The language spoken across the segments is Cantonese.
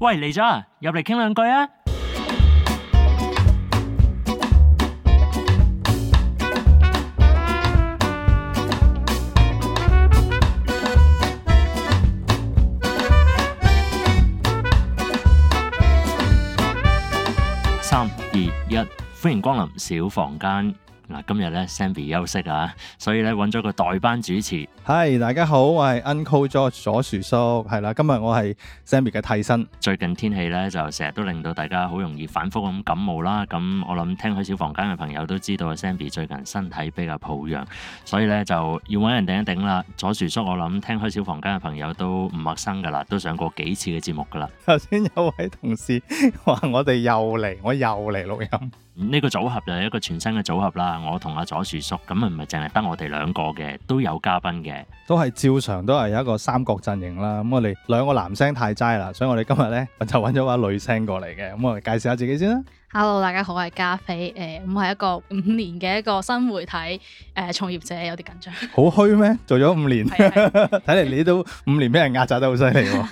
喂，嚟咗啊！入嚟傾兩句吖！三二一，歡迎光臨小房間。嗱，今日咧 Sammy 休息啊，所以咧揾咗個代班主持。係大家好，我係 Uncle Josh，左樹叔，係啦，今日我係 Sammy 嘅替身。最近天氣咧就成日都令到大家好容易反覆咁感冒啦。咁我諗聽開小房間嘅朋友都知道，Sammy 最近身體比較抱恙，所以咧就要揾人頂一頂啦。左樹叔，我諗聽開小房間嘅朋友都唔陌生噶啦，都上過幾次嘅節目噶啦。頭先有位同事話我哋又嚟，我又嚟錄音。呢個組合就係一個全新嘅組合啦，我同阿左樹叔、叔，咁唔係淨係得我哋兩個嘅，都有嘉賓嘅，都係照常都係有一個三角陣型啦。咁我哋兩個男聲太齋啦，所以我哋今日咧就揾咗位女聲過嚟嘅，咁我哋介紹下自己先啦。Hello，大家好，我係加菲，誒、呃，我係一個五年嘅一個新媒體誒、呃、從業者，有啲緊張。好 虛咩？做咗五年，睇 嚟 你都五年俾人壓榨得好犀利。呢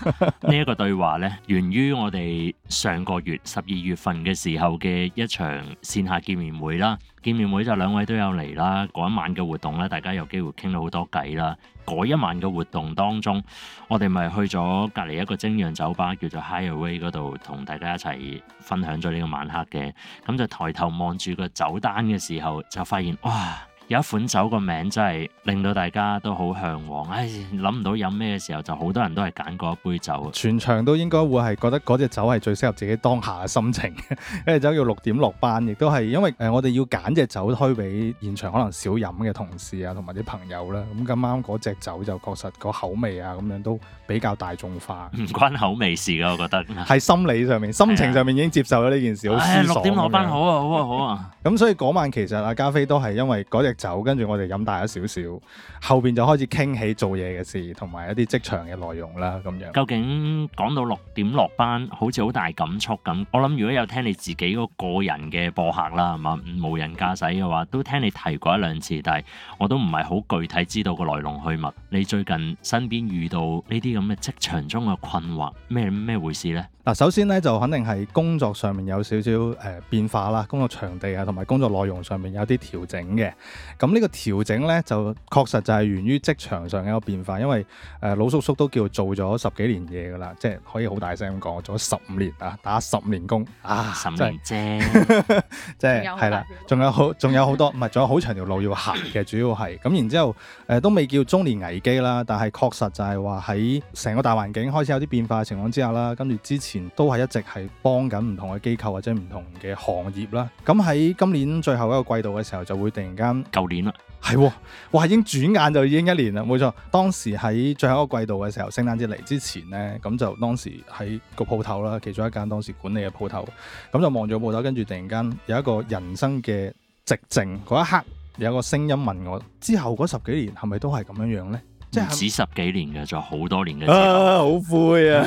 一個對話咧，源於我哋上個月十二月份嘅時候嘅一場線下見面會啦。見面會就兩位都有嚟啦，嗰一晚嘅活動咧，大家有機會傾到好多偈啦。嗰一晚嘅活動當中，我哋咪去咗隔離一個精釀酒吧，叫做 Highway 嗰度，同大家一齊分享咗呢個晚黑嘅。咁就抬頭望住個酒單嘅時候，就發現哇！有一款酒個名真係令到大家都好向往。唉，諗唔到飲咩嘅時候，就好多人都係揀嗰一杯酒。全場都應該會係覺得嗰隻酒係最適合自己當下嘅心情。 呢隻酒要六點落班，亦都係因為誒我哋要揀隻酒推俾現場可能少飲嘅同事啊，同埋啲朋友啦、啊。咁咁啱嗰隻酒就確實個口味啊，咁樣都比較大眾化。唔關口味事㗎，我覺得。係 心理上面、心情上面已經接受咗呢件事，好、哎、呀舒爽。六點落班樣好啊，好啊，好啊。咁 所以嗰晚其實阿、啊、加菲都係因為嗰隻。就跟住我哋飲大咗少少，後邊就開始傾起做嘢嘅事，同埋一啲職場嘅內容啦。咁樣究竟講到六點落班，好似好大感觸咁。我諗如果有聽你自己個個人嘅播客啦，係嘛，無人駕駛嘅話，都聽你提過一兩次，但係我都唔係好具體知道個來龍去脈。你最近身邊遇到呢啲咁嘅職場中嘅困惑咩咩回事呢？嗱，首先呢，就肯定係工作上面有少少誒變化啦，工作場地啊，同埋工作內容上面有啲調整嘅。咁呢個調整呢，就確實就係源於職場上嘅一個變化，因為誒、呃、老叔叔都叫做咗十幾年嘢噶啦，即係可以好大聲咁講，做咗十五年，年啊，打十五年工啊的，十五年啫， 即係係啦，仲有好仲有好多，唔係仲有好長條路要行嘅，主要係咁，然之後誒、呃、都未叫中年危機啦，但係確實就係話喺成個大環境開始有啲變化嘅情況之下啦，跟住之前都係一直係幫緊唔同嘅機構或者唔同嘅行業啦，咁喺今年最後一個季度嘅時候就會突然間。 舊年啦，係、哦，哇，已經轉眼就已經一年啦，冇錯。當時喺最後一個季度嘅時候，聖誕節嚟之前呢，咁就當時喺個鋪頭啦，其中一間當時管理嘅鋪頭，咁就望住個鋪頭，跟住突然間有一個人生嘅寂靜嗰一刻，有一個聲音問我：「之後嗰十幾年係咪都係咁樣樣呢？」即係唔止十幾年嘅，仲有好多年嘅。啊，好灰啊！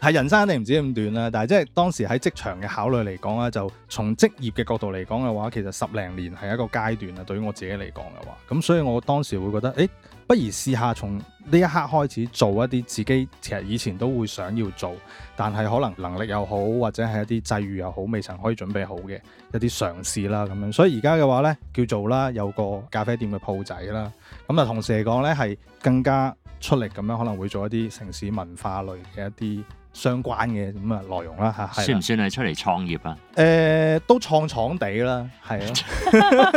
係 人生一定唔止咁短啦，但係即係當時喺職場嘅考慮嚟講咧，就從職業嘅角度嚟講嘅話，其實十零年係一個階段啦。對於我自己嚟講嘅話，咁所以我當時會覺得，誒、欸。不如試下從呢一刻開始做一啲自己其實以前都會想要做，但係可能能力又好，或者係一啲際遇又好，未曾可以準備好嘅一啲嘗試啦咁樣。所以而家嘅話呢，叫做啦，有個咖啡店嘅鋪仔啦，咁啊同時嚟講呢，係更加出力咁樣可能會做一啲城市文化類嘅一啲。相關嘅咁啊內容啦吓，算唔算係出嚟創業啊？誒、呃，都創創地啦，係咯，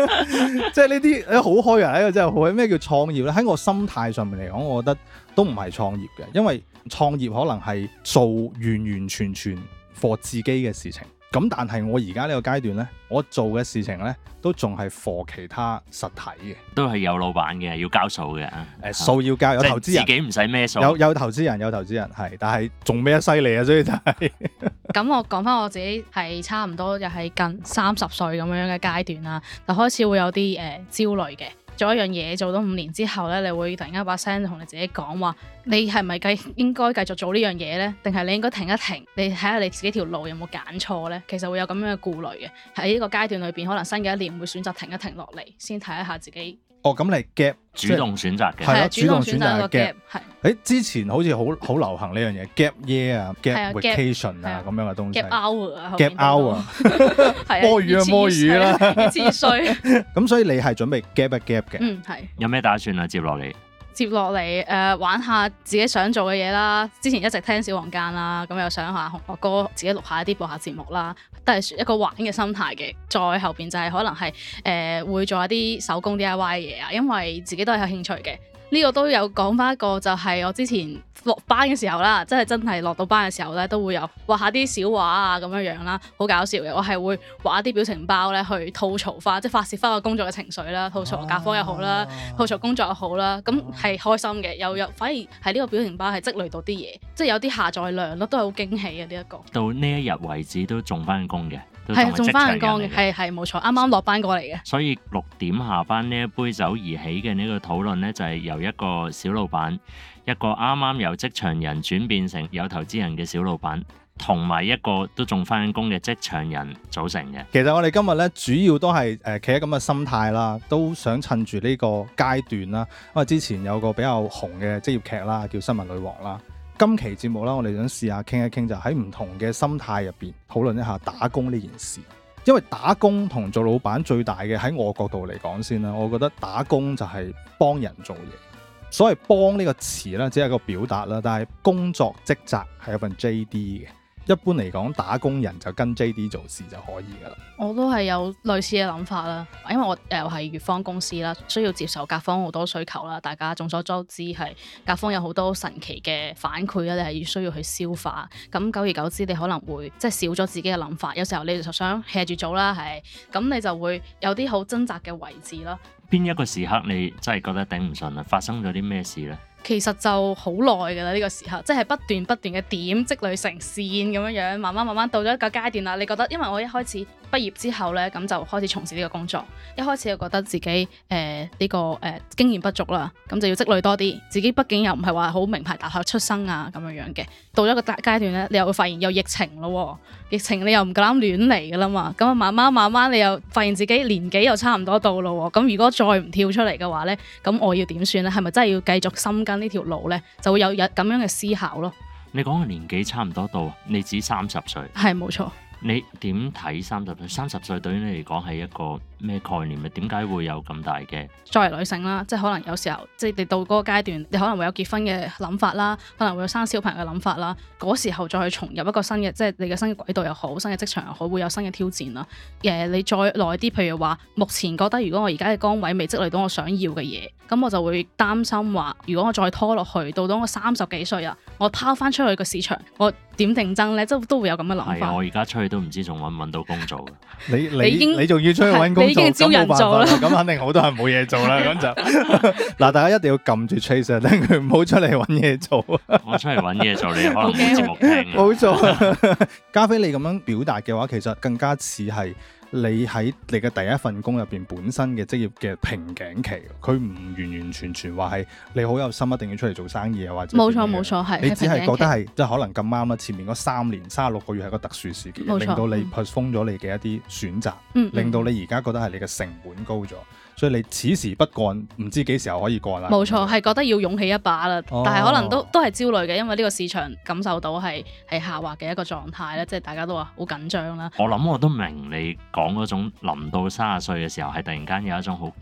即係呢啲誒好開人呢個真係好，咩叫創業咧？喺我心態上面嚟講，我覺得都唔係創業嘅，因為創業可能係做完完全全 for 自己嘅事情。咁但係我而家呢個階段呢，我做嘅事情呢，都仲係 for 其他實體嘅，都係有老闆嘅，要交數嘅啊。誒、uh，數要交有投資人，自己唔使咩數？有有投資人，有投資人係，但係仲咩犀利啊？所以就係。咁我講翻我自己係差唔多又係近三十歲咁樣嘅階段啦，就開始會有啲誒、呃、焦慮嘅。做一樣嘢做咗五年之後咧，你會突然間把聲同你自己講話，你係咪繼應該繼續做呢樣嘢呢？定係你應該停一停，你睇下你自己條路有冇揀錯呢？其實會有咁樣嘅顧慮嘅，喺呢個階段裏面，可能新嘅一年會選擇停一停落嚟，先睇一下自己。哦，咁你 gap，主動選擇嘅係啊，主動選擇嘅 gap。係，誒之前好似好好流行呢樣嘢，gap year 啊，gap vacation 啊，咁樣嘅東西。gap hour 啊，gap hour。係，摸魚啊，摸魚啦，黐線。咁所以你係準備 gap 一 gap 嘅，嗯，係。有咩打算啊？接落嚟。接落嚟，誒、呃、玩下自己想做嘅嘢啦。之前一直聽小房間啦，咁又想下學哥自己錄下一啲播客節目啦，都係一個玩嘅心態嘅。再後邊就係可能係誒、呃、會做一啲手工 DIY 嘢啊，因為自己都係有興趣嘅。呢個都有講翻一個，就係、是、我之前落班嘅時候啦，即係真係落到班嘅時候咧，都會有畫下啲小畫啊咁樣樣啦，好搞笑嘅。我係會畫一啲表情包咧去吐槽翻，即係發泄翻個工作嘅情緒啦，吐槽甲方又好啦，啊、吐槽工作又好啦。咁係開心嘅，又有反而係呢個表情包係積累到啲嘢，即係有啲下載量咯，都係好驚喜嘅呢一個。到呢一日為止都仲翻工嘅。係仲翻緊工嘅，係係冇錯，啱啱落班過嚟嘅。所以六點下班呢一杯酒而起嘅呢個討論呢，就係由一個小老闆，一個啱啱由職場人轉變成有投資人嘅小老闆，同埋一個都仲翻緊工嘅職場人組成嘅。其實我哋今日呢，主要都係誒企喺咁嘅心態啦，都想趁住呢個階段啦。因為之前有個比較紅嘅職業劇啦，叫《新聞女王》啦。今期節目啦，我哋想試下傾一傾，就喺唔同嘅心態入邊討論一下打工呢件事。因為打工同做老闆最大嘅喺我角度嚟講先啦，我覺得打工就係幫人做嘢。所謂幫呢個詞呢，只係一個表達啦，但係工作職責係有份 JD 嘅。一般嚟講，打工人就跟 JD 做事就可以㗎啦。我都係有類似嘅諗法啦，因為我又係乙方公司啦，需要接受甲方好多需求啦。大家眾所周知係，甲方有好多神奇嘅反饋啦，你係需要去消化。咁久而久之，你可能會即係少咗自己嘅諗法。有時候你就想 hea 住做啦，係。咁你就會有啲好掙扎嘅位置咯。邊一個時刻你真係覺得頂唔順啦？發生咗啲咩事呢？其實就好耐㗎啦，呢個時候即係不斷不斷嘅點積累成線咁樣樣，慢慢慢慢到咗一個階段啦。你覺得因為我一開始，畢業之後咧，咁就開始從事呢個工作。一開始就覺得自己誒呢、呃這個誒、呃、經驗不足啦，咁就要積累多啲。自己畢竟又唔係話好名牌大學出生啊，咁樣樣嘅。到咗個大階段咧，你又會發現有疫情咯，疫情你又唔夠膽亂嚟噶啦嘛。咁啊，慢慢慢慢，你又發現自己年紀又差唔多到咯。咁如果再唔跳出嚟嘅話咧，咁我要點算咧？係咪真係要繼續深耕呢條路咧？就會有有咁樣嘅思考咯。你講嘅年紀差唔多到，你指三十歲？係冇錯。你點睇三十歲？三十歲對於你嚟講係一個咩概念啊？點解會有咁大嘅？作為女性啦，即係可能有時候，即你到嗰個階段，你可能會有結婚嘅諗法啦，可能會有生小朋友嘅諗法啦。嗰時候再去重入一個新嘅，即係你嘅新嘅軌道又好，新嘅職場又好，會有新嘅挑戰啦。誒，你再耐啲，譬如話，目前覺得如果我而家嘅崗位未積累到我想要嘅嘢，咁我就會擔心話，如果我再拖落去，到到我三十幾歲啊，我拋翻出去個市場，我，點競爭咧，即都會有咁嘅諗法。我而家出去都唔知仲揾唔揾到工做。 你你已你仲要出去揾工，你已經招人做啦了。咁 肯定好多人冇嘢做啦。咁 樣就嗱， 大家一定要撳住 Trace，等佢唔好出嚟揾嘢做 我出嚟揾嘢做，你可能冇節目聽。冇 沒錯，加 菲你咁樣表達嘅話，其實更加似係。你喺你嘅第一份工入邊本身嘅職業嘅瓶頸期，佢唔完完全全話係你好有心一定要出嚟做生意啊，或者冇錯冇錯，係你只係覺得係即係可能咁啱啦，前面嗰三年三十六個月係一個特殊時期，令到冇錯你封咗你嘅一啲選擇，令到、嗯、你而家覺得係你嘅成本高咗。嗯嗯。所以你此時不幹，唔知幾時又可以幹啦。冇錯，係覺得要勇起一把啦，哦、但係可能都都係焦慮嘅，因為呢個市場感受到係係下滑嘅一個狀態咧，即係大家都話好緊張啦。我諗我都明你講嗰種臨到三十歲嘅時候，係突然間有一種好驚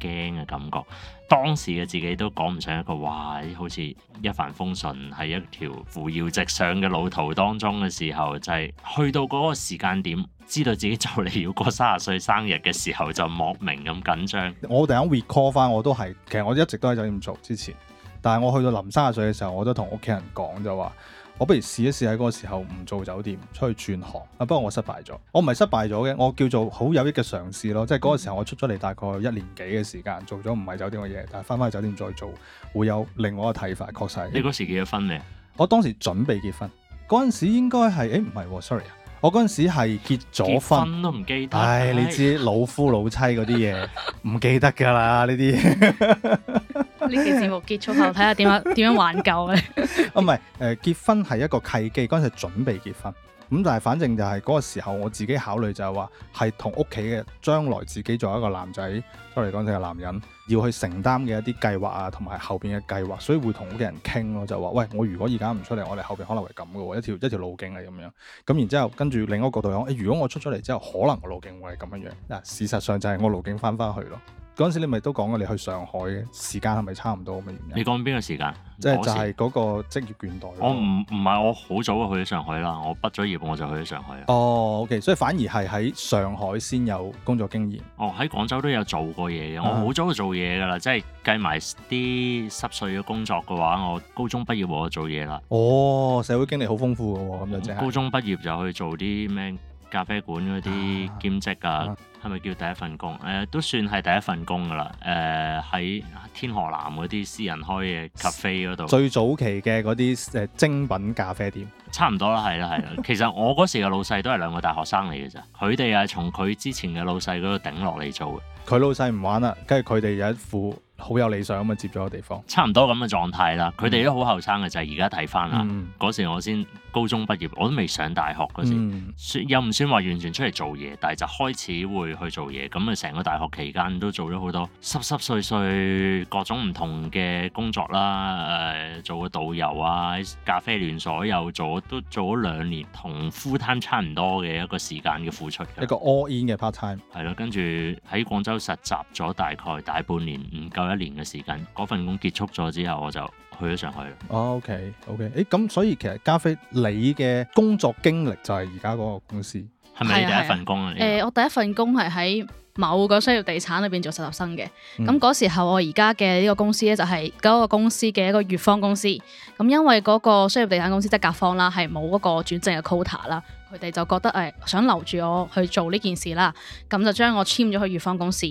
嘅感覺。當時嘅自己都講唔上一個，哇！好似一帆風順，係一條扶搖直上嘅路途當中嘅時候，就係、是、去到嗰個時間點，知道自己就嚟要過三十歲生日嘅時候，就莫名咁緊張。我第一 record 翻，我都係其實我一直都係就咁做之前，但係我去到臨三十歲嘅時候，我都同屋企人講就話。我不如試一試喺嗰個時候唔做酒店，出去轉行。不過我失敗咗，我唔係失敗咗嘅，我叫做好有益嘅嘗試咯。即係嗰個時候我出咗嚟大概一年幾嘅時間，做咗唔係酒店嘅嘢，但係翻返去酒店再做，會有另外一個睇法。確實，你嗰時結咗婚未？我當時準備結婚，嗰陣時應該係，誒唔係，sorry 啊。Sorry。我嗰陣時係結咗婚，婚都唔記得。唉、哎，係咪你知老夫老妻嗰啲嘢唔記得㗎啦，呢啲呢個節目結束後睇下點樣點樣挽救咧，啊。 哦，唔係，誒、呃，結婚係一個契機，嗰陣時準備結婚。咁但係反正就係嗰個時候我自己考慮就係話係同屋企嘅將來，自己作為一個男仔，即係嚟講就係男人要去承擔嘅一啲計劃啊，同埋後邊嘅計劃，所以會同屋企人傾咯，就話喂，我如果而家唔出嚟，我哋後邊可能係咁噶喎，一條一條路徑係咁樣。咁然之後跟住另一個角度講，哎，如果我出咗嚟之後，可能個路徑會係咁樣樣。嗱，事實上就係我路徑翻翻去咯。嗰陣時你咪都講過你去上海嘅時間係咪差唔多咁嘅原因？你講邊個時間？即係就係嗰個職業倦怠。我唔唔係我好早就去咗上海啦，我畢咗業我就去咗上海。哦，OK，所以反而係喺上海先有工作經驗。哦，喺廣州都有做過嘢嘅，我好早就做嘢㗎啦，啊、即係計埋啲濕碎嘅工作嘅話，我高中畢業我就做嘢啦。哦，社會經歷好豐富嘅喎，咁樣啫，高中畢業就去做啲咩？咖啡館嗰啲兼職啊，係咪、啊、叫第一份工？誒、呃，都算係第一份工㗎啦。誒、呃，喺天河南嗰啲私人開嘅咖啡嗰度，最早期嘅嗰啲誒精品咖啡店，差唔多啦，係啦，係啦。其實我嗰時嘅老細都係兩個大學生嚟嘅啫，佢哋係從佢之前嘅老細嗰度頂落嚟做嘅。佢老細唔玩啦，跟住佢哋有一副好有理想咁啊，接咗個地方，差唔多咁嘅狀態啦。佢哋、嗯、都好後生嘅，就係而家睇翻啦，嗰、嗯、時我先。高中畢業我都未上大學嗰時，嗯、又算又唔算話完全出嚟做嘢，但係就開始會去做嘢。咁啊，成個大學期間都做咗好多濕濕碎碎各種唔同嘅工作啦。誒、呃，做個導遊啊，咖啡連鎖又做，都做咗兩年，同 full time 差唔多嘅一個時間嘅付出。一個 all in 嘅 part time。係咯，跟住喺廣州實習咗大概大半年，唔夠一年嘅時間。嗰份工結束咗之後，我就。去咗上海。哦，OK，OK，誒，咁所以其實加菲你嘅工作經歷就係而家嗰個公司，係咪你第一份工啊？誒、啊啊呃，我第一份工係喺某個商業地產裏邊做實習生嘅。咁、那、嗰、個、時候我而家嘅呢個公司咧，就係、是、嗰個公司嘅一個乙方公司。咁因為嗰個商業地產公司即係甲方啦，係冇嗰個轉正嘅 quota 啦。佢哋就覺得誒想留住我去做呢件事啦，咁就將我簽咗去乙方公司。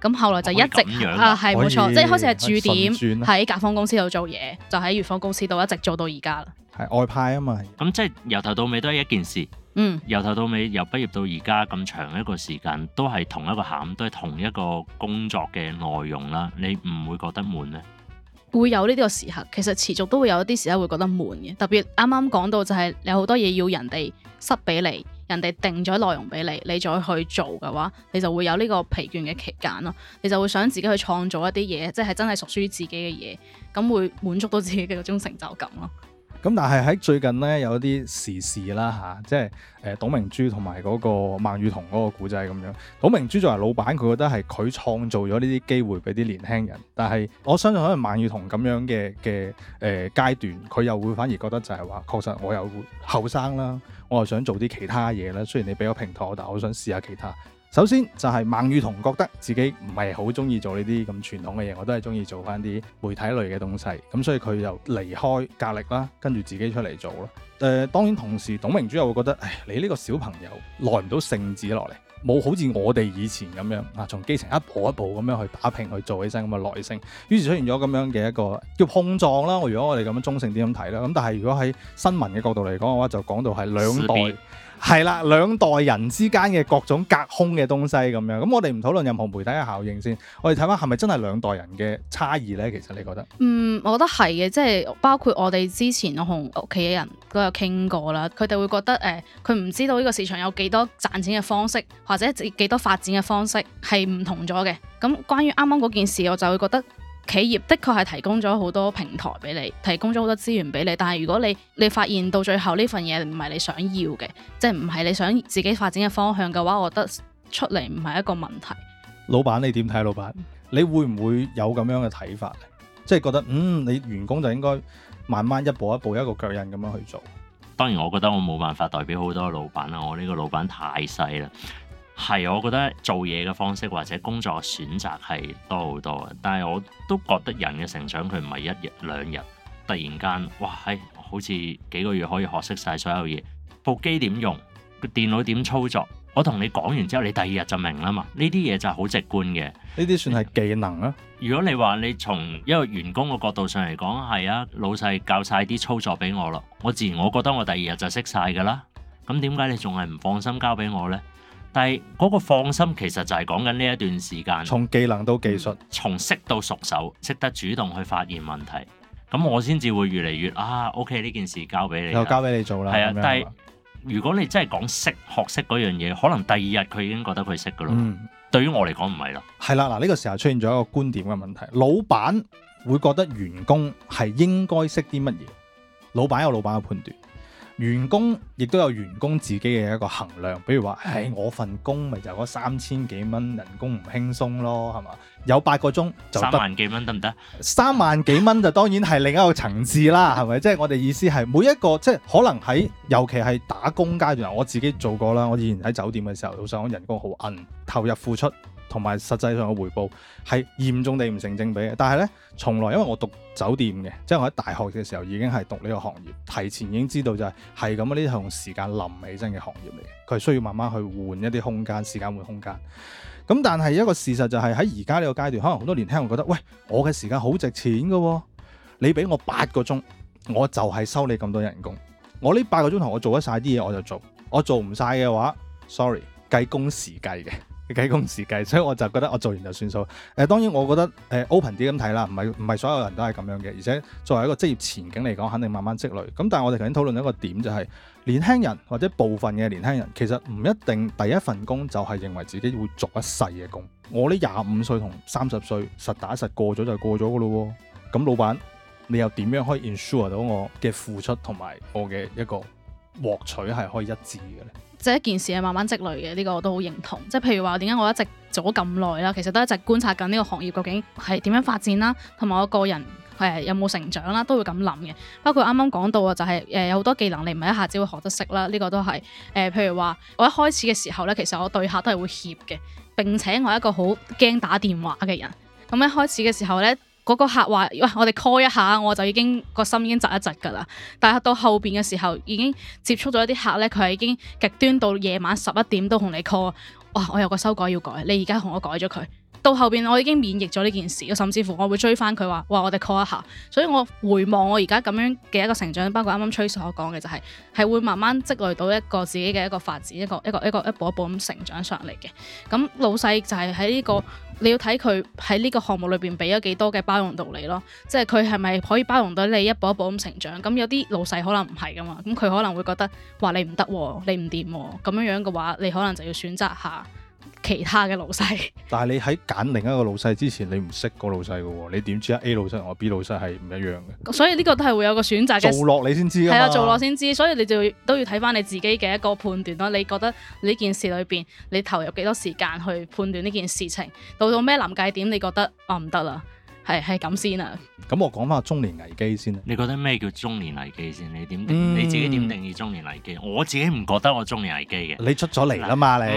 咁後來就一直啊，係冇、啊、以錯，以即係開始係駐點喺甲方公司度做嘢，啊、就喺乙方公司度一直做到而家啦。係外派啊嘛，咁即係由頭到尾都係一件事。嗯，由頭到尾由畢業到而家咁長一個時間，都係同一個鹹，都係同一個工作嘅內容啦。你唔會覺得悶咧？會有呢啲個時刻，其實持續都會有一啲時刻會覺得悶嘅，特別啱啱講到就係你好多嘢要人哋塞俾你，人哋定咗內容俾你，你再去做嘅話，你就會有呢個疲倦嘅期間咯，你就會想自己去創造一啲嘢，即係真係屬於自己嘅嘢，咁會滿足到自己嘅嗰種成就感咯。咁但係喺最近呢，有啲時事啦吓、啊，即係、呃、董明珠同埋嗰個孟羽童嗰個故仔咁樣。董明珠作為老闆，佢覺得係佢創造咗呢啲機會俾啲年輕人。但係我相信可能孟羽童咁樣嘅嘅誒階段，佢又會反而覺得就係話，確實我又後生啦，我又想做啲其他嘢啦。雖然你俾咗平台，但我想試下其他。首先就係孟羽童覺得自己唔係好中意做呢啲咁傳統嘅嘢，我都係中意做翻啲媒體類嘅東西。咁所以佢就離開格力啦，跟住自己出嚟做咯。誒、呃，當然同時董明珠又會覺得，誒，你呢個小朋友耐唔到性子落嚟，冇好似我哋以前咁樣啊，從基層一步一步咁樣去打拼去做起身咁嘅耐性。於是出現咗咁樣嘅一個叫碰撞啦。我如果我哋咁樣中性啲咁睇啦。咁但係如果喺新聞嘅角度嚟講嘅話，就講到係兩代。係啦，兩代人之間嘅各種隔空嘅東西咁樣，咁我哋唔討論任何媒體嘅效應先，我哋睇翻係咪真係兩代人嘅差異呢？其實你覺得？嗯，我覺得係嘅，即係包括我哋之前我同屋企嘅人都有傾過啦，佢哋會覺得誒，佢唔知道呢個市場有幾多賺錢嘅方式，或者幾多發展嘅方式係唔同咗嘅。咁關於啱啱嗰件事，我就會覺得。企業的確係提供咗好多平台俾你，提供咗好多資源俾你，但係如果你你發現到最後呢份嘢唔係你想要嘅，即係唔係你想自己發展嘅方向嘅話，我覺得出嚟唔係一個問題。老闆，你點睇？老闆，你會唔會有咁樣嘅睇法？即係覺得嗯，你員工就應該慢慢一步一步一個腳印咁樣去做。當然，我覺得我冇辦法代表好多老闆啦，我呢個老闆太細啦。係，我覺得做嘢嘅方式或者工作選擇係多好多嘅。但係我都覺得人嘅成長佢唔係一日兩日，突然間哇係、哎、好似幾個月可以學識晒所有嘢。部機點用，個電腦點操作？我同你講完之後，你第二日就明啦嘛。呢啲嘢就係好直觀嘅。呢啲算係技能啊。如果你話你從一個員工嘅角度上嚟講係啊，老細教晒啲操作俾我囉，我自然我覺得我第二日就識晒㗎啦。咁點解你仲係唔放心交俾我呢？但係嗰個放心其實就係講緊呢一段時間，從技能到技術、嗯，從識到熟手，識得主動去發現問題，咁我先至會越嚟越啊 OK 呢件事交俾你，又交俾你做啦。係啊，但係如果你真係講識學識嗰樣嘢，可能第二日佢已經覺得佢識噶啦。嗯，對於我嚟講唔係啦。係啦，嗱、這、呢個時候出現咗一個觀點嘅問題，老闆會覺得員工係應該識啲乜嘢？老闆有老闆嘅判斷。員工亦都有員工自己嘅一個衡量，比如話，誒，我份工咪就嗰三千幾蚊人工唔輕鬆咯，係嘛？有八個鐘就得三萬幾蚊得唔得？三萬幾蚊就當然係另一個層次啦，係咪？即係我哋意思係每一個，即係可能喺尤其係打工階段，我自己做過啦。我以前喺酒店嘅時候，老實講，人工好奀，投入付出。同埋實際上嘅回報係嚴重地唔成正比嘅。但係呢，從來因為我讀酒店嘅，即係我喺大學嘅時候已經係讀呢個行業，提前已經知道就係係咁啊！呢係用時間臨起身嘅行業嚟嘅，佢係需要慢慢去換一啲空間，時間換空間。咁但係一個事實就係喺而家呢個階段，可能好多年輕人覺得，喂，我嘅時間好值錢嘅喎，哦，你俾我八個鐘，我就係收你咁多人工。我呢八個鐘頭我做得晒啲嘢我就做，我做唔晒嘅話，sorry，計工時計嘅。計工時計，所以我就覺得我做完就算數。誒、呃，當然我覺得誒，open 啲咁睇啦，唔係唔係所有人都係咁樣嘅。而且作為一個職業前景嚟講，肯定慢慢積累。咁但係我哋頭先討論一個點就係、是，年輕人或者部分嘅年輕人，其實唔一定第一份工就係認為自己會做一世嘅工。我呢廿五歲同三十歲實打實過咗就過咗噶咯。咁老闆，你又點樣可以 ensure 到我嘅付出同埋我嘅一個獲取係可以一致嘅呢？即係一件事係慢慢積累嘅，呢、這個我都好認同。即係譬如話，點解我一直做咗咁耐啦？其實都一直觀察緊呢個行業究竟係點樣發展啦，同埋我個人係有冇成長啦，都會咁諗嘅。包括啱啱講到啊、就是，就係誒有好多技能你唔係一下子會學得識啦，呢、這個都係誒、呃。譬如話我一開始嘅時候咧，其實我對客都係會怯嘅，並且我係一個好驚打電話嘅人。咁一開始嘅時候咧。嗰個客話：喂，我哋 call 一下，我就已經個心已經窒一窒㗎啦。但係到後邊嘅時候，已經接觸咗一啲客呢，佢係已經極端到夜晚十一點都同你 call。哇！我有個修改要改，你而家同我改咗佢。到後邊我已經免疫咗呢件事甚至乎我會追翻佢話，哇，我哋 call 一下。所以我回望我而家咁樣嘅一個成長，包括啱啱 Trace 所講嘅就係，係會慢慢積累到一個自己嘅一個發展，一個一個一個,一,個一步一步咁成長上嚟嘅。咁老細就係喺呢個你要睇佢喺呢個項目裏邊俾咗幾多嘅包容到你咯，即係佢係咪可以包容到你一步一步咁成長？咁有啲老細可能唔係噶嘛，咁佢可能會覺得話你唔得，你唔掂咁樣樣嘅話，你可能就要選擇下。其他嘅老細 ，但係你喺揀另一個老細之前，你唔識個老細嘅，你點知啊？A 老細同 B 老細係唔一樣嘅，所以呢個都係會有個選擇。做落你先知，係啊，做落先知，所以你就要都要睇翻你自己嘅一個判斷咯。你覺得呢件事裏邊，你投入幾多時間去判斷呢件事情，到到咩臨界點，你覺得啊唔得啦？係係咁先啊！咁、嗯、我講翻中年危機先，你覺得咩叫中年危機先？你點、嗯、你自己點定義中年危機？我自己唔覺得我中年危機嘅。你出咗嚟啦嘛你？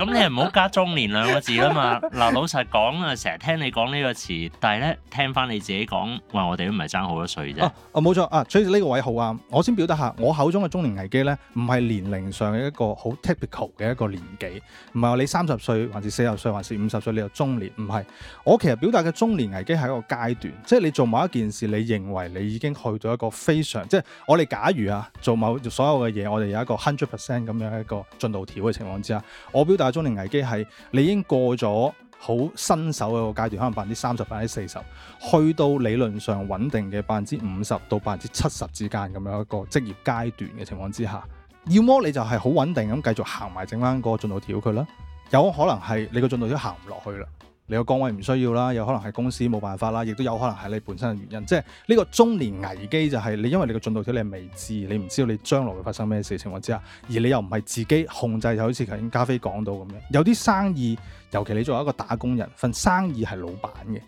咁你唔好加中年兩個字啦嘛！嗱， 老實講啊，成日聽你講呢個詞，但係咧聽翻你自己講，喂，我哋都唔係爭好多歲啫。哦、啊，冇、啊、錯啊，所以呢個位好啱，我先表達下，我口中嘅中年危機咧，唔係年齡上嘅一個好 typical 嘅一個年紀，唔係話你三十歲還是四十歲還是五十歲你就中年，唔係我。我其實表達嘅中年危機係一個階段，即係你做某一件事，你認為你已經去到一個非常，即係我哋假如啊，做某所有嘅嘢，我哋有一個 hundred percent 咁樣一個進度條嘅情況之下，我表達嘅中年危機係你已經過咗好新手嘅個階段，可能百分之三十、百分之四十，去到理論上穩定嘅百分之五十到百分之七十之間咁樣一個職業階段嘅情況之下，要麼你就係好穩定咁繼續行埋整返個進度條佢啦，有可能係你個進度條行唔落去啦。你個崗位唔需要啦，有可能係公司冇辦法啦，亦都有可能係你本身嘅原因。即係呢個中年危機就係你，因為你個進度條你係未知，你唔知道你將來會發生咩事情況之下，而你又唔係自己控制，就好似頭先加菲講到咁樣。有啲生意，尤其你作為一個打工人，份生意係老闆嘅，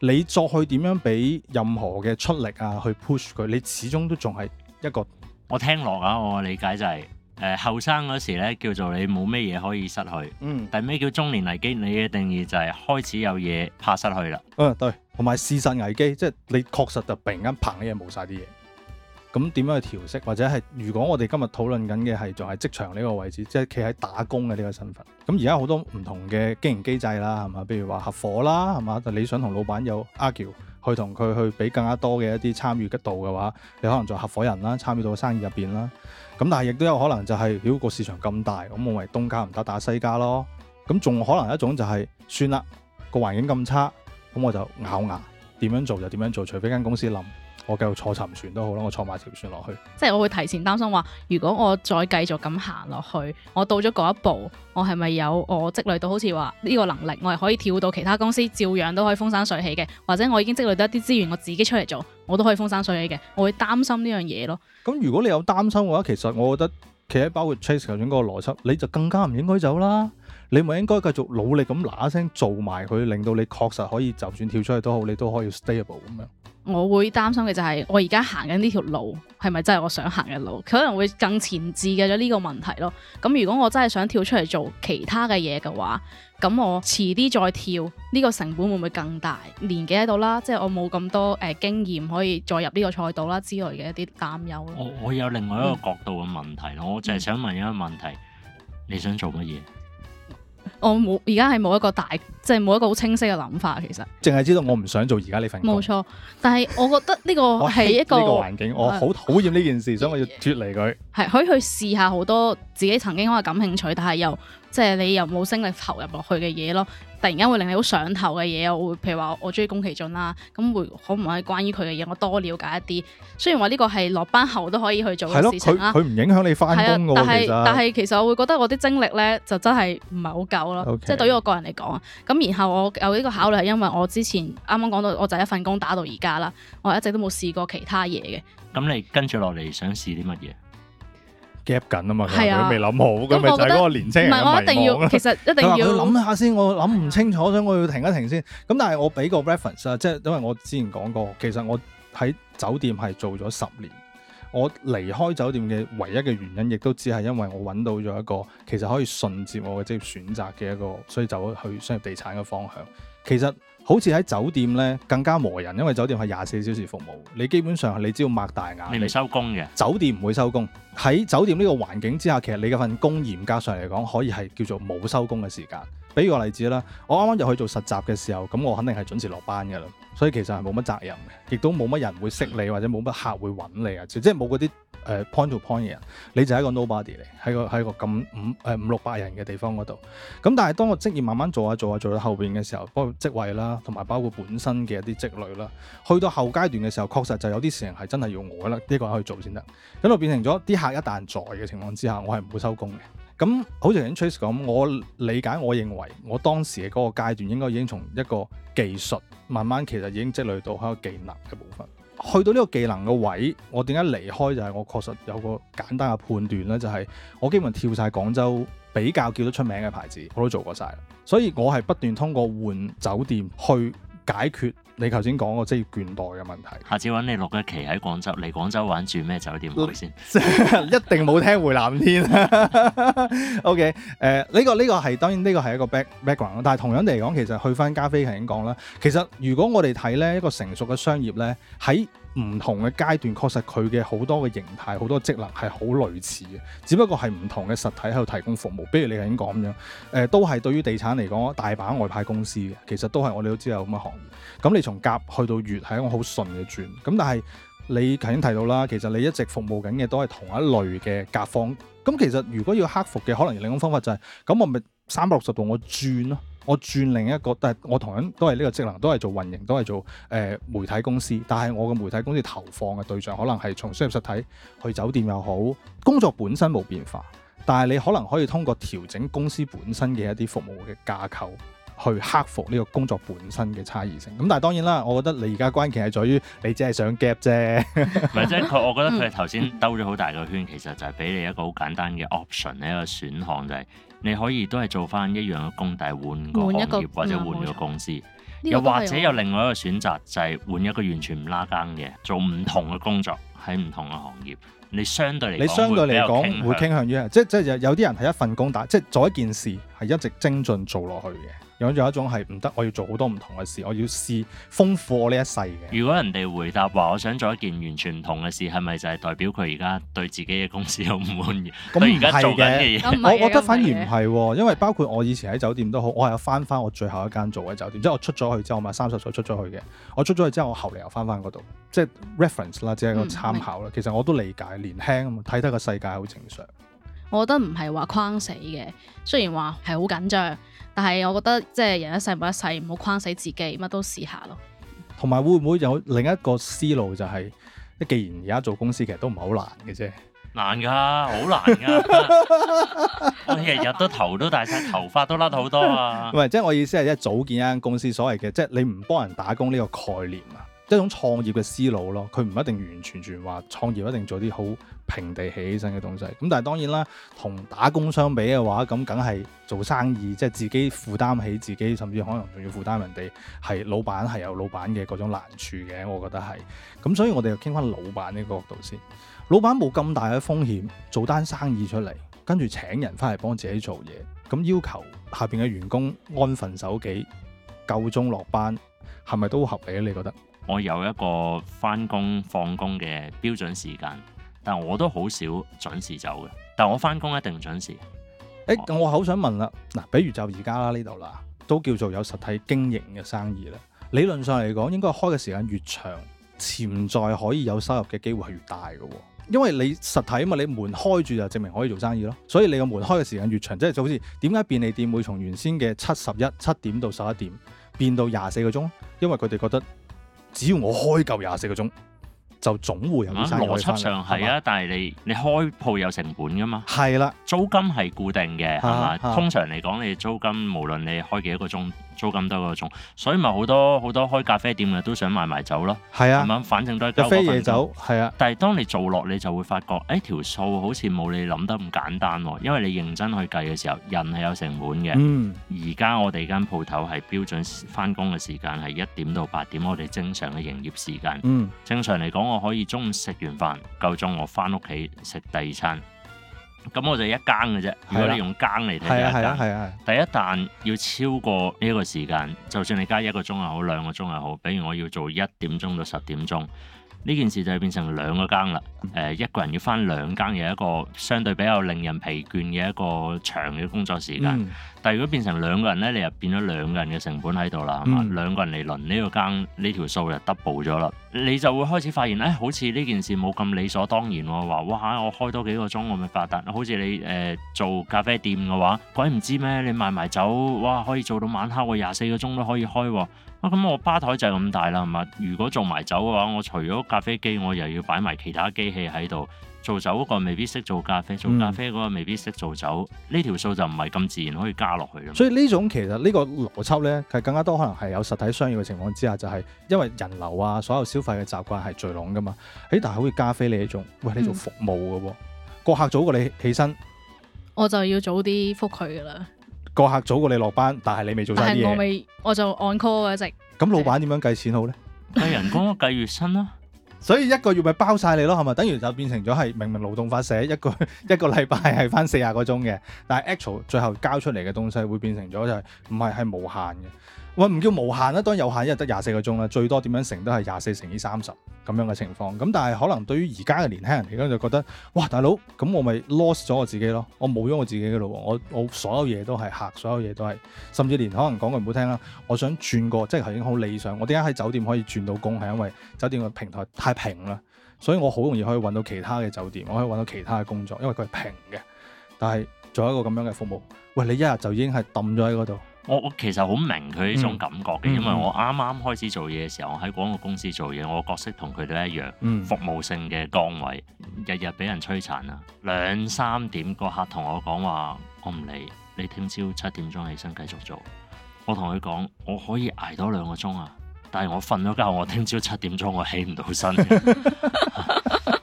你再去點樣俾任何嘅出力啊，去 push 佢，你始終都仲係一個。我聽落啊，我理解就係。誒，後生嗰時咧，叫做你冇咩嘢可以失去，嗯，但咩叫中年危機？你嘅定義就係開始有嘢怕失去啦。嗯，對，同埋事實危機，即係你確實就突然間憑嘢冇晒啲嘢，咁點樣去調適？或者係如果我哋今日討論緊嘅係仲係職場呢個位置，即係企喺打工嘅呢個身份，咁而家好多唔同嘅經營機制啦，係嘛？譬如話合伙啦，係嘛？你想同老闆有 argue？去同佢去俾更加多嘅一啲參與度嘅話，你可能做合伙人啦，參與到生意入邊啦。咁但係亦都有可能就係、是，如果個市場咁大，咁我咪東家唔得打西家咯。咁仲可能一種就係、是，算啦，個環境咁差，咁我就咬牙點樣做就點樣做，除非間公司冧。我繼續坐沉船都好啦，我坐埋條船落去。即係我會提前擔心話，如果我再繼續咁行落去，我到咗嗰一步，我係咪有我積累到好似話呢個能力，我係可以跳到其他公司，照樣都可以風生水起嘅？或者我已經積累到一啲資源，我自己出嚟做，我都可以風生水起嘅？我會擔心呢樣嘢咯。咁如果你有擔心嘅話，其實我覺得，企喺包括 Trace 頭先嗰個邏輯，你就更加唔應該走啦。你咪應該繼續努力咁嗱一聲做埋佢，令到你確實可以，就算跳出去都好，你都可以 stable 咁樣。我會擔心嘅就係我而家行緊呢條路係咪真係我想行嘅路？佢可能會更前置嘅咗呢個問題咯。咁如果我真係想跳出嚟做其他嘅嘢嘅話，咁我遲啲再跳呢個成本會唔會更大？年紀喺度啦，即係我冇咁多誒、呃、經驗可以再入呢個賽道啦之類嘅一啲擔憂。我我有另外一個角度嘅問題，嗯、我淨係想問一個問題：嗯、你想做乜嘢？我冇而家係冇一個大，即係冇一個好清晰嘅諗法，其實。淨係知道我唔想做而家呢份工作。冇錯，但係我覺得呢個係一個， 我 hate 一個環境，我好討厭呢件事， 所以我要脫離佢。係可以去試下好多自己曾經話感興趣，但係又。即係你又冇精力投入落去嘅嘢咯，突然間會令你好上頭嘅嘢，我會譬如話我中意宮崎駿啦，咁會可唔可以關於佢嘅嘢我多了解一啲？雖然話呢個係落班後都可以去做嘅事情，佢唔影響你翻工。但係其實，但係其實我會覺得我啲精力咧就真係唔係好夠咯。即係 Okay. 對於我個人嚟講，咁然後我有呢個考慮係因為我之前啱啱講到我就一份工打到而家啦，我一直都冇試過其他嘢嘅。咁你跟住落嚟想試啲乜嘢？gap 緊啊嘛，佢未諗好咁咪就係嗰個年青人嘅迷茫。唔係，我一定要其實一定要諗 下先，我諗唔清楚，啊、所以我要停一停先。咁但係我俾個 reference 啊，即係因為我之前講過，其實我喺酒店係做咗十年。我離開酒店嘅唯一嘅原因，亦都只係因為我揾到咗一個其實可以順接我嘅職業選擇嘅一個，所以就去商業地產嘅方向。其實。好似喺酒店咧，更加磨人，因為酒店係廿四小時服務，你基本上你只要擘大眼，你未收工嘅，酒店唔會收工。喺酒店呢個環境之下，其實你嘅份工嚴格上嚟講，可以係叫做冇收工嘅時間。畀個例子啦，我啱啱入去做實習嘅時候，咁我肯定係準時落班㗎喇，所以其實係冇乜責任嘅，亦都冇乜人會識你或者冇乜客會揾你啊，即係冇嗰啲誒 point to point 嘅人，你就係一個 nobody 嚟，喺個喺個咁五誒五六百人嘅地方嗰度。咁但係當我職業慢慢做下、啊、做下、啊做、啊、做到後邊嘅時候，包括職位啦，同埋包括本身嘅一啲積累啦，去到後階段嘅時候，確實就有啲事情係真係要我啦呢個人去做先得，咁就變成咗啲客一旦在嘅情況之下，我係唔會收工嘅。咁好似 i n Trace 咁，我理解，我認為我當時嘅嗰個階段應該已經從一個技術慢慢其實已經積累到一個技能嘅部分。去到呢個技能嘅位，我點解離開就係、是、我確實有個簡單嘅判斷咧，就係、是、我基本跳晒廣州比較叫得出名嘅牌子，我都做過曬，所以我係不斷通過換酒店去。解決你頭先講個職業倦怠嘅問題。下次揾你六一期喺廣州，嚟廣州玩住咩酒店先？ 一定冇聽回南天。OK，誒呢個呢、呢個係當然呢個係一個 back background 但係同樣地嚟講，其實去返加菲係點講啦。其實如果我哋睇呢一個成熟嘅商業呢。喺。唔同嘅階段，確實佢嘅好多嘅形態，好多職能係好類似嘅，只不過係唔同嘅實體喺度提供服務。比如你頭先講咁樣，誒、呃、都係對於地產嚟講，大把外派公司嘅，其實都係我哋都知道有咁嘅行業。咁你從甲去到乙係一個好順嘅轉。咁但係你頭先提到啦，其實你一直服務緊嘅都係同一類嘅甲方。咁其實如果要克服嘅，可能另一種方法就係、是，咁我咪三百六十度我轉咯。我轉另一個，但係我同樣都係呢個職能，都係做運營，都係做誒、呃、媒體公司。但係我嘅媒體公司投放嘅對象可能係從商業實體去酒店又好，工作本身冇變化。但係你可能可以通過調整公司本身嘅一啲服務嘅架構，去克服呢個工作本身嘅差異性。咁、嗯、但係當然啦，我覺得你而家關鍵係在於你只係想 gap 啫是。唔係， 即係我覺得佢頭先兜咗好大個圈，其實就係俾你一個好簡單嘅 option，一個選項就係、是。你可以都係做翻一樣嘅工，但係換個行業或者換個公司，公司又或者有另外一個選擇，就係、是、換一個完全唔拉更嘅，做唔同嘅工作喺唔同嘅行業。你相對嚟，你相對嚟講會，會傾向於，即係有啲人係一份工打，即係做一件事係一直精進做落去嘅。有一種係唔得，我要做好多唔同嘅事，我要試豐富我呢一世嘅。如果人哋回答話，我想做一件完全唔同嘅事，係咪就係代表佢而家對自己嘅公司好唔滿意？咁唔係嘅，咁而家做緊嘅嘢，我覺得反而唔係， 因為包括我以前喺酒店都好，我係有翻翻我最後一間做嘅酒店。即係我出咗去，去，去之後，我三十歲出咗去嘅。我出咗去之後，我後嚟又翻翻嗰度，即係 reference 啦，只係個參考啦。嗯、其實我都理解年輕睇得個世界好正常。我覺得唔係話框死嘅，雖然話係好緊張。但係我覺得即係、就是、人一世物一世，唔好框死自己，乜都試下咯。同埋會唔會有另一個思路、就是，就係即既然而家做公司其實都唔係好難嘅啫？難㗎，好難㗎，我日日都頭都大晒，頭髮都甩好多啊！唔係， 即、就、係、是、我意思係一組建一間公司，所謂嘅即係你唔幫人打工呢個概念啊。一種創業嘅思路咯，佢唔一定完完全全話創業一定做啲好平地起起身嘅東西。咁但係當然啦，同打工相比嘅話，咁梗係做生意，即係自己負擔起自己，甚至可能仲要負擔人哋係老闆，係有老闆嘅嗰種難處嘅。我覺得係咁，所以我哋又傾翻老闆呢個角度先。老闆冇咁大嘅風險，做單生意出嚟，跟住請人翻嚟幫自己做嘢，咁要求下邊嘅員工安分守己、夠鍾落班，係咪都合理咧？你覺得？我有一個翻工放工嘅標準時間，但我都好少準時走嘅。但我翻工一定準時。誒、欸，我好想問啦，嗱，比如就而家呢度啦，都叫做有實體經營嘅生意啦。理論上嚟講，應該開嘅時間越長，潛在可以有收入嘅機會係越大嘅喎。因為你實體啊嘛，你門開住就證明可以做生意咯。所以你個門開嘅時間越長，即係就是、好似點解便利店會從原先嘅七十一七點到十一點變到廿四個鐘，因為佢哋覺得。只要我開夠廿四個鐘，就總會有啲生意，邏輯上係啊，吧但係你你開鋪有成本㗎嘛？係啦的，租金係固定嘅，係嘛？通常嚟講，你租金無論你開幾多個鐘，租咁多個鐘，所以咪好多好多開咖啡店嘅都想賣埋酒咯，係啊，咁樣反正都係交個份數，係啊。但係當你做落，你就會發覺，誒、欸、條數好似冇你諗得咁簡單喎，因為你認真去計嘅時候，人係有成本嘅。而、嗯、家我哋間鋪頭係標準翻工嘅時間係一點到八點，我哋正常嘅營業時間。嗯、正常嚟講，我可以中午食完飯夠鐘，我翻屋企食第二餐。咁我就一更嘅啫，如果你用更嚟睇，係啊係啊，第一啖、啊啊啊、要超過呢個時間，就算你加一個鐘又好，兩個鐘又好，比如我要做一點鐘到十點鐘。呢件事就係變成兩個更啦，誒、呃、一個人要翻兩更，又一個相對比較令人疲倦嘅一個長嘅工作時間。嗯、但如果變成兩個人呢，你又變咗兩個人嘅成本喺度啦，兩、嗯、個人嚟輪呢個更，呢條數就 double 咗啦。你就會開始發現咧、哎，好似呢件事冇咁理所當然喎、哦，話哇我開多幾個鐘我咪發達。好似你誒、呃、做咖啡店嘅話，鬼唔知咩？你賣埋酒，哇可以做到晚黑我廿四個鐘都可以開喎、哦。咁，啊、我吧台就係咁大啦，係嘛？如果做埋酒嘅話，我除咗咖啡機，我又要擺埋其他機器喺度。做酒嗰個未必識做咖啡，做咖啡嗰個未必識做酒。呢條、嗯、數就唔係咁自然可以加落去。所以呢種其實呢個邏輯咧，其實更加多可能係有實體商業嘅情況之下，就係、是、因為人流啊，所有消費嘅習慣係聚攏噶嘛。誒，但係好似咖啡你呢種，喂，你做服務嘅喎、啊，個、嗯、客早過你起身，我就要早啲覆佢噶啦。個客早過你落班，但係你未做曬啲嘢。但係我未，我就按 call 嘅一直。咁老闆點樣計錢好呢？ 計人工咯，計月薪咯、啊。 所以一個月咪包晒你咯，係咪？等於就變成咗係明明勞動法寫一個一個禮拜係返四十個鐘嘅，但係 actual 最後交出嚟嘅東西會變成咗就係唔係係無限嘅。喂，唔叫無限啦，當然有限，一日得廿四個鐘啦，最多點樣乘都係廿四乘以三十咁樣嘅情況。咁、嗯、但係可能對於而家嘅年輕人嚟講就覺得，哇大佬，咁我咪 lost 咗我自己咯，我冇咗我自己嘅咯，我我所有嘢都係客，所有嘢都係，甚至連可能講句唔好聽啦，我想轉過，即係已經好理想。我點解喺酒店可以轉到工，係因為酒店個平台太平啦，所以我好容易可以揾到其他嘅酒店，我可以揾到其他嘅工作，因為佢係平嘅。但係做一個咁樣嘅服務，喂，你一日就已經係揼咗喺嗰度。我我其實好明佢呢種感覺嘅，因為我啱啱開始做嘢嘅時候，我喺廣告公司做嘢，我角色同佢哋一樣，服務性嘅崗位，日日俾人摧殘啊！兩三點個客同我講話，我唔理你，聽朝七點鐘起身繼續做。我同佢講，我可以挨多捱兩個鐘啊，但係我瞓咗覺，我聽朝七點鐘我起唔到身。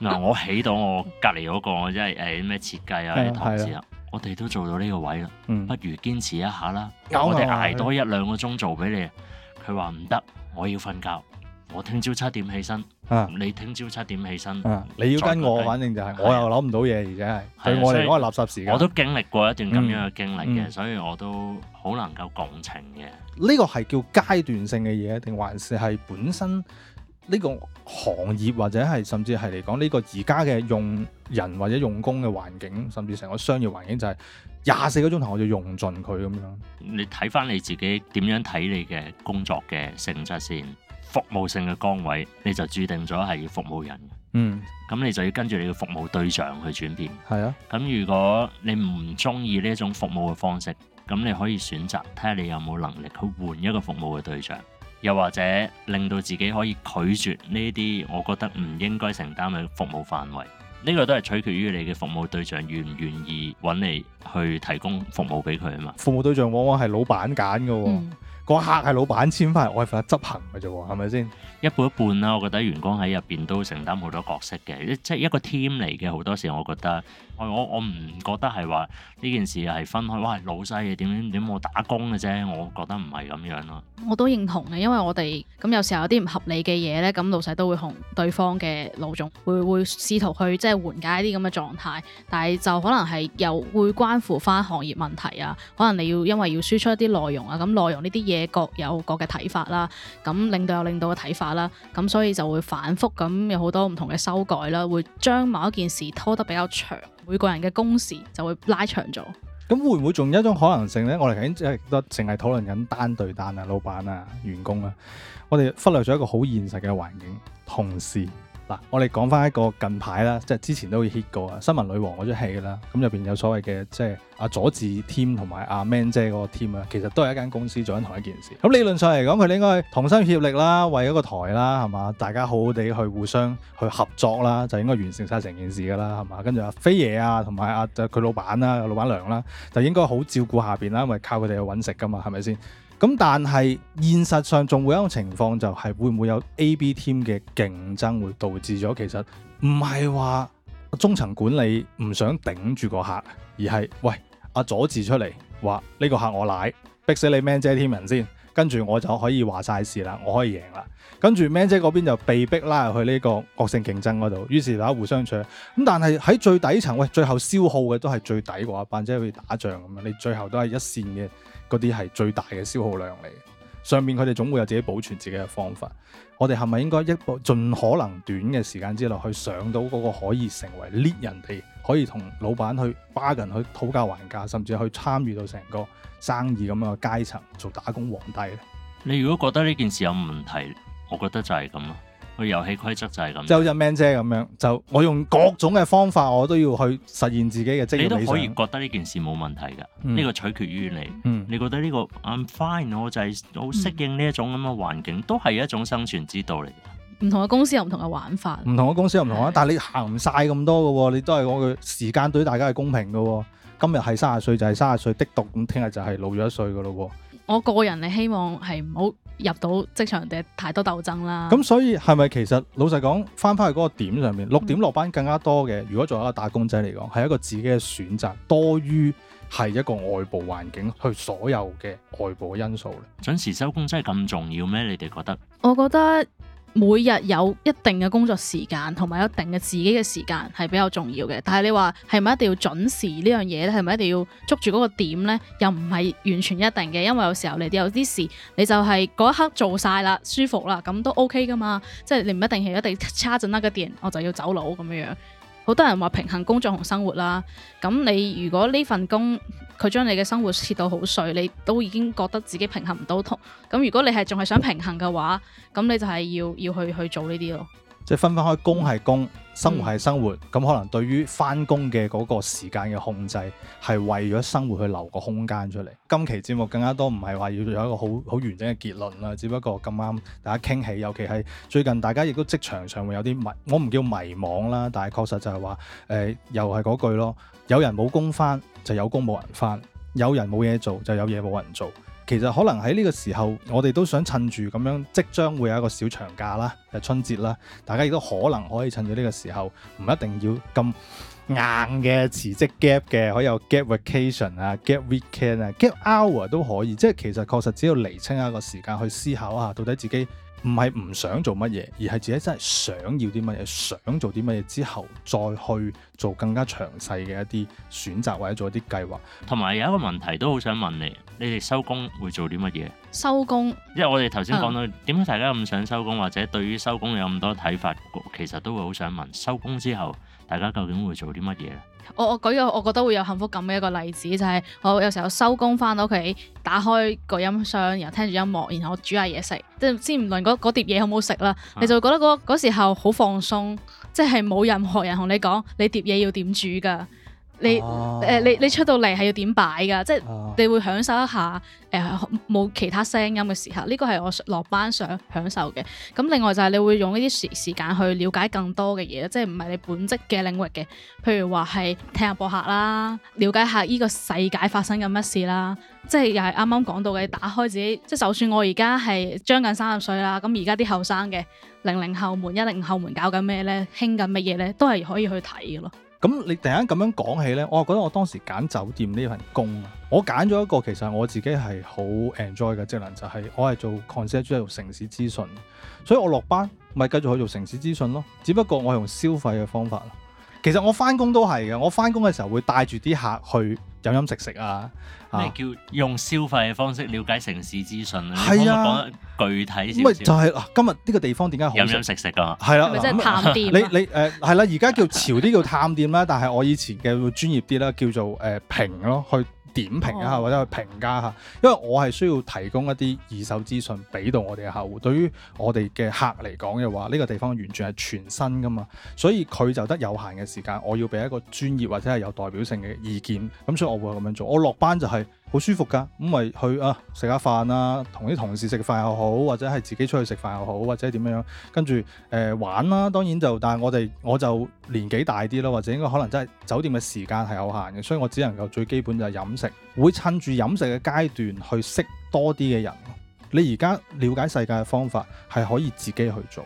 嗱， 我起到我隔離嗰、那個，即係誒咩設計啊啲同事啊。我哋都做到呢個位啦，不如堅持一下啦，我哋挨多一兩個鐘做俾你。佢話唔得，我要瞓覺，我聽朝七點起身，你聽朝七點起身，你要跟我，反正就係，我又諗唔到嘢，而且係對我哋嚟講係垃圾時間。我都經歷過一段咁樣嘅經歷嘅，所以我都好能夠共情嘅。呢個係叫階段性嘅嘢，定還是係本身？呢個行業或者係甚至係嚟講呢個而家嘅用人或者用工嘅環境，甚至成個商業環境就係廿四個鐘頭我就用盡佢咁樣。你睇翻你自己點樣睇你嘅工作嘅性質先。服務性嘅崗位你就註定咗係要服務人。嗯。咁你就要跟住你嘅服務對象去轉變。係啊。咁如果你唔中意呢種服務嘅方式，咁你可以選擇睇下你有冇能力去換一個服務嘅對象。又或者令到自己可以拒絕呢啲，我覺得唔應該承擔嘅服務範圍，呢、呢個都係取決於你嘅服務對象願唔願意揾你去提供服務俾佢啊嘛。服務對象往往係老闆揀㗎，嗯、個客係老闆簽翻嚟，我係負責執行㗎啫，係咪先？一半一半啦，我覺得員工喺入邊都承擔好多角色嘅，即係一個 team 嚟嘅。好多時我覺得，我我唔覺得係話呢件事係分開，哇，老細點點點我打工嘅啫，我覺得唔係咁樣咯。我都認同嘅，因為我哋咁有時候有啲唔合理嘅嘢咧，咁老細都會同對方嘅老總會會試圖去即係緩解一啲咁嘅狀態，但係就可能係又會關乎翻行業問題啊。可能你要因為要輸出一啲內容啊，咁內容呢啲嘢各有各嘅睇法啦，咁領導有領導嘅睇法。啦，咁所以就會反覆咁有好多唔同嘅修改啦，會將某一件事拖得比較長，每個人嘅工時就會拉長咗。咁會唔會仲有一種可能性呢？我哋頭先係都淨係討論緊單對單啊，老闆啊，員工啊，我哋忽略咗一個好現實嘅環境，同事。嗱，我哋講翻一個近排啦，即係之前都會 hit 過的的啊，《新聞女王》嗰出戲啦，咁入邊有所謂嘅即係阿佐治 team 同埋阿 Man 姐個 team 咧，其實都係一間公司做緊同一件事。咁理論上嚟講，佢哋應該同心協力啦，為一個台啦，係嘛，大家好好地去互相去合作啦，就應該完成晒成件事噶啦，係嘛。跟住阿飛爺啊，同埋阿佢老闆啦、啊、老闆娘啦、啊，就應該好照顧下邊啦，因為靠佢哋去揾食噶嘛，係咪先？咁但係現實上仲會，會有一種情況，就係會唔會有 A、B team 嘅競爭會導致咗其實唔係話中層管理唔想頂住個客而，而係喂，阿佐治出嚟話呢個客我奶逼死你 man 姐添人先，跟住我就可以話晒事啦，我可以贏啦，跟住 man 姐嗰邊就被逼拉入去呢個惡性競爭嗰度，於是大家互相搶咁，但係喺最底層喂，最後消耗嘅都係最底個阿班姐去打仗咁樣，你最後都係一線嘅。嗰啲係最大嘅消耗量嚟，上面佢哋總會有自己保存自己嘅方法。我哋係咪應該一個盡可能短嘅時間之內去上到嗰個可以成為 lead 人哋，可以同老闆去 bargain 去討價還價，甚至去參與到成個生意咁樣嘅階層做打工皇帝呢？你如果覺得呢件事有問題，我覺得就係咁啦。個遊戲規則就係咁，就好似 Man 姐咁樣。就我用各種嘅方法，我都要去實現自己嘅職業理想。你都可以覺得呢件事冇問題㗎，呢、嗯、個取決於你。嗯、你覺得呢、呢個 I'm fine，我就係好適應呢一種咁嘅環境，嗯、都係一種生存之道嚟。嘅。唔同嘅公司有唔同嘅玩法。唔同嘅公司有唔同啊！是但係你行晒咁多嘅喎，你都係講句時間對大家係公平嘅喎。今日係卅歲就係卅歲，的確咁聽日就係老咗一歲㗎咯喎。我個人係希望係唔好。入到職場嘅太多鬥爭啦。咁所以係咪其實老實講返返去嗰個點上面，六點落班更加多嘅。如果作為一個打工仔嚟講，係一個自己嘅選擇多於係一個外部環境去所有嘅外部嘅因素咧。準時收工真係咁重要咩？你哋覺得？我覺得。每日有一定嘅工作時間，同埋一定嘅自己嘅時間係比較重要嘅。但係你話係咪一定要準時呢樣嘢咧？係咪一定要捉住嗰個點呢？又唔係完全一定嘅，因為有時候你有啲事你就係嗰一刻做晒啦，舒服啦，咁都 OK 噶嘛。即係你唔一定係一定叉準嗰個點，我就要走佬咁樣樣。好多人話平衡工作同生活啦。咁你如果呢份工，佢將你嘅生活切到好碎，你都已經覺得自己平衡唔到同。咁如果你係仲係想平衡嘅話，咁你就係要要去去做呢啲咯。即係分分開，工係工。生活係生活，咁可能對於翻工嘅嗰個時間嘅控制係為咗生活去留個空間出嚟。今期節目更加多唔係話要有一個好好完整嘅結論啦，只不過咁啱大家傾起，尤其係最近大家亦都職場上會有啲迷，我唔叫迷茫啦，但係確實就係話誒，又係嗰句咯，有人冇工翻就有工冇人翻，有人冇嘢做就有嘢冇人做。其實可能喺呢個時候，我哋都想趁住咁樣，即將會有一個小長假啦，誒春節啦，大家亦都可能可以趁住呢個時候，唔一定要咁硬嘅辭職 gap 嘅，可以有 gap vacation 啊、gap weekend 啊、gap hour 都可以，即係其實確實只要釐清一個時間去思考下，到底自己，唔係唔想做乜嘢，而係自己真係想要啲乜嘢，想做啲乜嘢之後，再去做更加詳細嘅一啲選擇或者做一啲計劃。同埋有一個問題都好想問你：你哋收工會做啲乜嘢？收工？因為我哋頭先講到點解、嗯、大家咁想收工，或者對於收工有咁多睇法，其實都會好想問：收工之後。大家究竟會做啲乜嘢咧？我我舉個我覺得會有幸福感嘅一個例子，就係、是、我有時候收工翻到屋企，打開個音箱，然後聽住音樂，然後我煮下嘢食，即係先唔論嗰碟嘢好唔好食啦，啊、你就會覺得嗰嗰時候好放鬆，即係冇任何人同你講你碟嘢要點煮噶。你誒、啊呃、你你出到嚟係要點擺㗎？啊、即係你會享受一下誒冇、呃、其他聲音嘅時候，呢個係我落班想享受嘅。咁另外就係你會用呢啲時時間去了解更多嘅嘢即係唔係你本職嘅領域嘅？譬如話係聽下播客啦，了解下依個世界發生緊乜事啦，即係又係啱啱講到嘅，打開自己。即就算我而家係將近三十歲啦，咁而家啲後生嘅零零後門、一零後門、後門搞緊咩咧？興緊乜嘢咧？都係可以去睇嘅咯。咁你突然間咁樣講起呢，我又覺得我當時揀酒店呢份工啊，我揀咗一個其實我自己係好 enjoy 嘅職能，就係、係、我係做 concierge 做城市資訊，所以我落班咪繼續去做城市資訊咯，只不過我用消費嘅方法其實我翻工都係嘅，我翻工嘅時候會帶住啲客去飲飲食食啊。咩、啊、叫用消費嘅方式了解城市資訊咧？係啊，可唔可以講得具體咁咪就係、係啊、今日呢個地方點解好飲飲食食啊？係啦，咪即係探店。你你誒，係啦，而家叫潮啲叫探店啦，但係我以前嘅會專業啲啦，叫做誒、呃、評咯，去。點評一下或者去評價下，因為我係需要提供一啲二手資訊俾到我哋嘅客戶。對於我哋嘅客嚟講嘅話，呢、這個呢個地方完全係全新噶嘛，所以佢就得有，有限得有限嘅時間。我要俾一個專業或者係有代表性嘅意見，咁所以我會咁樣做。我落班就係、是就係。好舒服噶，咁咪去啊食下飯啊，同啲同事食飯又好，或者係自己出去食飯又好，或者點樣，跟住誒玩啦、啊。當然就，但係我哋我就年紀大啲咯，或者應該可能真係酒店嘅時間係有限嘅，所以我只能夠最基本就係飲食，會趁住飲食嘅階段去識多啲嘅人。你而家了解世界嘅方法係可以自己去做。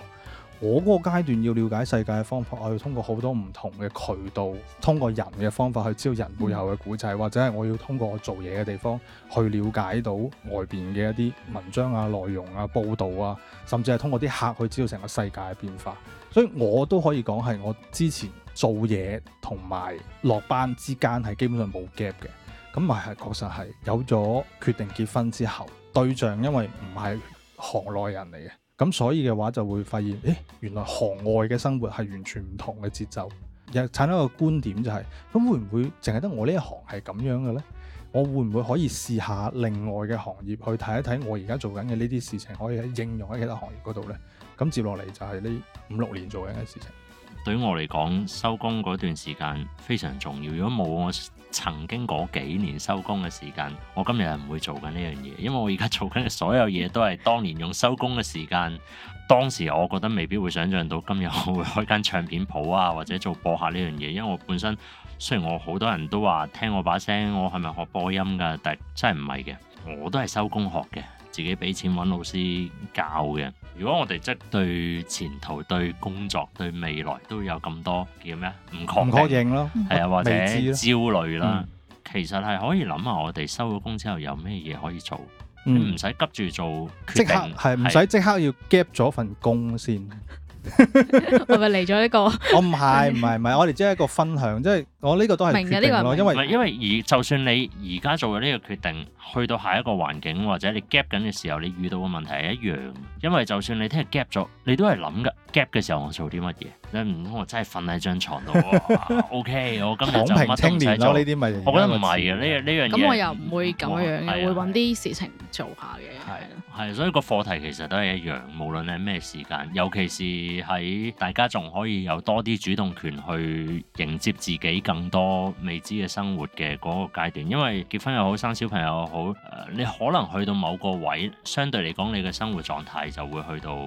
我嗰個階段要了解世界嘅方法，我要通過好多唔同嘅渠道，通過人嘅方法去知道人背後嘅古仔，或者係我要通過我做嘢嘅地方去了解到外邊嘅一啲文章啊、內容啊、報道啊，甚至係通過啲客去知道成個世界嘅變化。所以，我都可以講係我之前做嘢同埋落班之間係基本上冇 gap 嘅。咁咪係確實係有咗決定結婚之後對象，因為唔係行內人嚟嘅。咁所以嘅話就會發現，誒、欸、原來行外嘅生活係完全唔同嘅節奏。又產生一個觀點就係、是，咁會唔會淨係得我呢一行係咁樣嘅呢？我會唔會可以試下另外嘅行業去睇一睇，我而家做緊嘅呢啲事情可以應用喺其他行業嗰度呢？咁接落嚟就係呢五六年做緊嘅事情。對於我嚟講，收工嗰段時間非常重要。如果冇我曾經嗰幾年收工嘅時間，我今日係唔會做緊呢樣嘢。因為我而家做緊嘅所有嘢都係當年用收工嘅時間。當時我覺得未必會想象到今日我會開間唱片鋪啊，或者做播客呢樣嘢。因為我本身雖然我好多人都話聽我把聲，我係咪學播音㗎？但真係唔係嘅，我都係收工學嘅，自己俾錢揾老師教嘅。如果我哋即係對前途、對工作、對未來都有咁多叫咩？唔確唔確定咯，係啊，或者焦慮啦，嗯、其實係可以諗下我哋收咗工之後有咩嘢可以做，唔使、嗯、急住做，即刻係唔使即刻要 gap 咗份工先。是 我咪嚟咗呢個，我唔係唔係唔係，我哋即係一個分享，即係我呢個都係明嘅呢、呢個係明，因為因為而就算你而家做咗呢個決定，去到下一個環境或者你 gap 緊嘅時候，你遇到嘅問題係一樣，因為就算你聽日 gap 咗，你都係諗噶，gap 嘅時候我做啲乜嘢？真唔通我真係瞓喺張床度喎？O K，我今日就唔得曬咗呢啲咪？我覺得唔係嘅呢樣呢樣嘢。咁我又唔會咁樣嘅，哇會搵啲事情做下嘅。係係，所以個課題其實都係一樣，無論係咩時間，尤其是喺大家仲可以有多啲主動權去迎接自己更多未知嘅生活嘅嗰個階段。因為結婚又好，生小朋友又好，誒、呃，你可能去到某個位，相對嚟講，你嘅生活狀態就會去到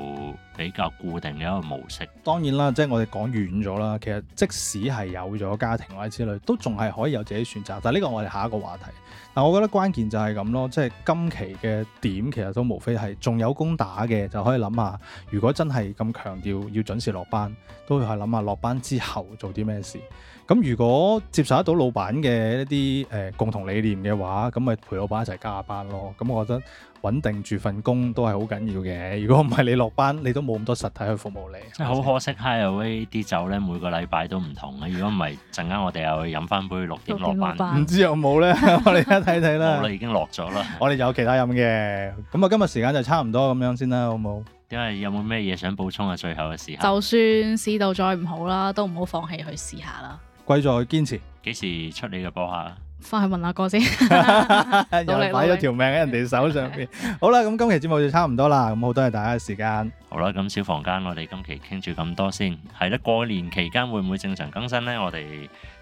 比較固定嘅一個模式。當然啦，即係。我哋講遠咗啦，其實即使係有咗家庭或者之類，都仲係可以有自己選擇。但係呢個我哋下一個話題。但、啊、我覺得關鍵就係咁咯，即係今期嘅點，其實都無非係仲有工打嘅，就可以諗下。如果真係咁強調要準時落班，都會係諗下落班之後做啲咩事。咁如果接受得到老闆嘅一啲誒、呃、共同理念嘅話，咁咪陪老闆一齊加班咯。咁我覺得。穩定住份工都係好緊要嘅，如果唔係你落班你都冇咁多實體去服務你。好可惜 hi 啲酒咧每個禮拜都唔同嘅，如果唔係陣間我哋又去飲翻杯點六點落班。唔知有冇咧， 我哋而家睇睇啦。我哋、 啊、已經落咗啦。 我哋有其他飲嘅，咁啊今日時間就差唔多咁樣先啦，好冇？因為有冇咩嘢想補充啊？最後嘅時候。就算試到再唔好啦，都唔好放棄去試下啦。貴在堅持。幾時出你嘅波下？翻去問下哥先 又買咗條命喺人哋手上邊。 好啦，咁今期節目就差唔多啦，咁好多謝大家嘅時間。好啦，咁小房間，我哋今期傾住咁多先。係啦，過年期間會唔會正常更新呢？我哋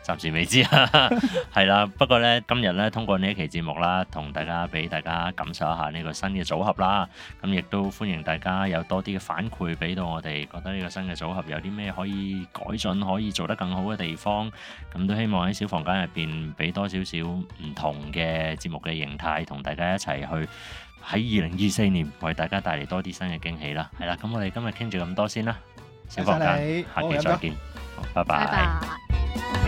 暫時未知係啦，。 不過呢今日呢通過呢一期節目啦，同大家俾大家感受一下呢個新嘅組合啦。咁亦都歡迎大家有多啲嘅反饋俾到我哋，覺得呢個新嘅組合有啲咩可以改進，可以做得更好嘅地方。咁都希望喺小房間入邊俾多少少唔同嘅節目嘅形態，同大家一齊去喺二零二四年為大家帶嚟多啲新嘅驚喜啦。係啦、嗯，咁我哋今日傾住咁多先啦，謝謝小房間，你下期再見，bye bye 拜拜。